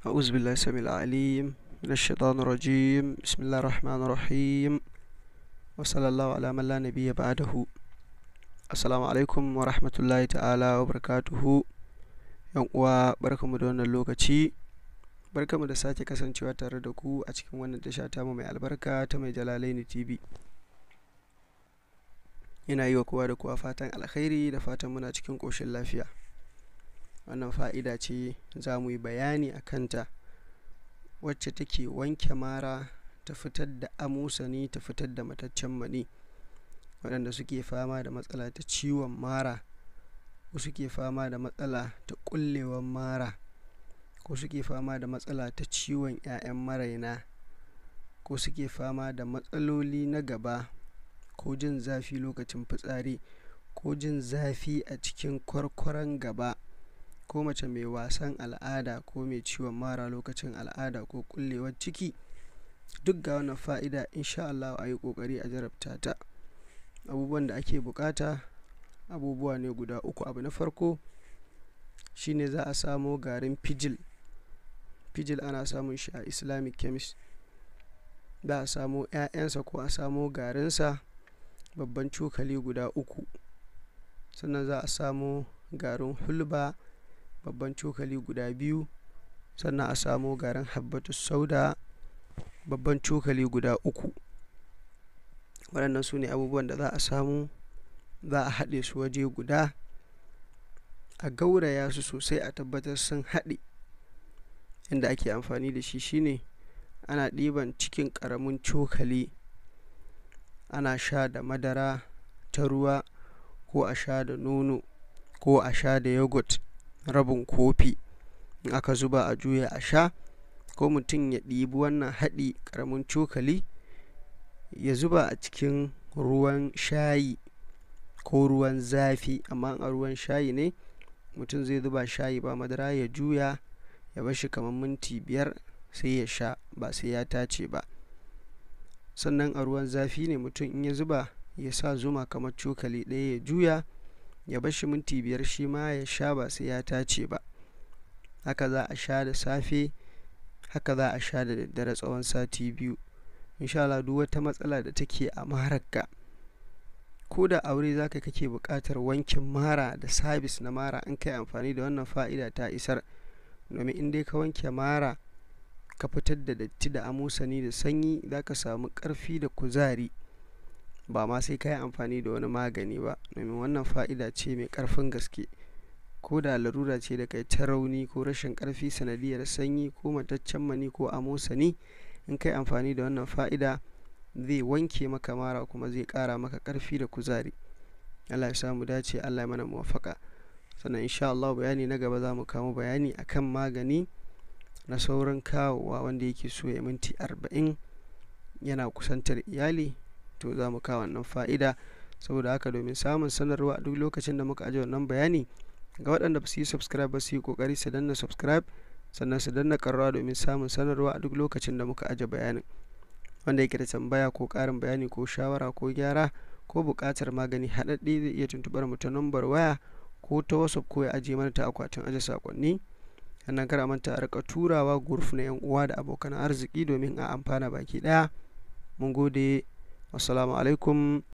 أعوذ بالله السميع العليم من الشيطان الرجيم بسم الله الرحمن الرحيم وصلى الله على wa rahmatullahi ta'ala wa barakatuhu yan uwa barkamu da lokaci barkamu da sake kasancewa tare da ku a cikin wannan tasha ta mai albarka ta mai jalalaini tv yana yiwa wa kowa da kowa fatan alkhairi da fatan muna cikin ƙoshin lafiya wannan fa'ida ce za mu yi bayani a kanta wacce take wanke mara ta fitar da amusani ta fitar da mataccen mani waɗanda suke fama da matsala ta ciwon mara ko suke fama da matsala ta ƙullewar mara ko suke fama da matsala ta ciwon 'ya'yan maraina ko suke fama da matsaloli na gaba ko jin zafi lokacin fitsari ko jin zafi a cikin kwarkwaron gaba ko mace mai wasan al'ada ko mai ciwon mara lokacin al'ada ko kullewar ciki duk ga wannan fa'ida insha Allah a yi ƙoƙari a jarabta ta abubuwan da ake buƙata abubuwa ne guda uku abu na farko shine za a samo garin pijil pijil ana samun shi a islamic chemist za a samo 'ya'yansa ko a samo garinsa babban cokali guda uku sannan za a samo garin hulba babban cokali guda biyu sannan a samo garin habbatus sauda babban cokali guda uku waɗannan su ne abubuwan da za a samu za a haɗe su waje guda a gauraya su sosai a tabbatar sun haɗe inda ake amfani da shi shine ana ɗiban cikin ƙaramin cokali ana sha da madara ta ruwa ko a sha da nono ko a sha da yogurt rabin kofi in aka zuba a juya a sha ko mutum ya ɗibi wannan haɗi ƙaramin cokali ya zuba a cikin ruwan shayi ko ruwan zafi amma a ruwan shayi ne mutum zai zuba shayi ba madara ya juya ya bar shi kamar minti biyar sai ya sha ba sai ya tace ba sannan a ruwan zafi ne mutum in ya zuba ya sa zuma kamar cokali ɗaya ya juya ya bar shi minti biyar shi ma ya sha ba sai ya tace ba haka za a sha da safe haka za a sha da daddare tsawon sati biyu inshallah duk wata matsala da take a maharka ko da aure zaka kake buƙatar wankin mara da sabis na mara in kai amfani da wannan fa'ida ta isar domin in dai ka wanke mara ka fitar da datti da amusani da sanyi zaka samu ƙarfi da kuzari ba ma sai ka yi amfani da wani magani ba domin wannan fa'ida ce mai karfin gaske ko da larura ce da kai ta rauni ko rashin karfi sanadiyar sanyi ko mataccen mani ko amosani in kai amfani da wannan fa'ida zai wanke maka mara kuma zai kara maka karfi da kuzari Allah ya samu dace Allah ya mana muwafaka sannan insha Allah bayani na gaba za mu kamo bayani akan magani na saurin kawowa wanda yake so ya minti arba'in yana kusantar iyali to za mu kawo wannan fa'ida saboda haka domin samun sanarwa duk lokacin da muka aje wannan bayani ga waɗanda ba su yi subscribe ba su yi kokari su danna subscribe sannan su danna karrawa domin samun sanarwa a duk lokacin da muka aje bayanin wanda yake da tambaya ko ƙarin bayani ko shawara ko gyara ko buƙatar magani haɗaɗɗe zai iya tuntuɓar mu ta nambar waya ko ta whatsapp ko ya ajiye mana ta akwatin aje sakonni sannan kar a manta a rika turawa guruf na yan uwa da abokan arziki domin a amfana baki ɗaya mun gode والسلام عليكم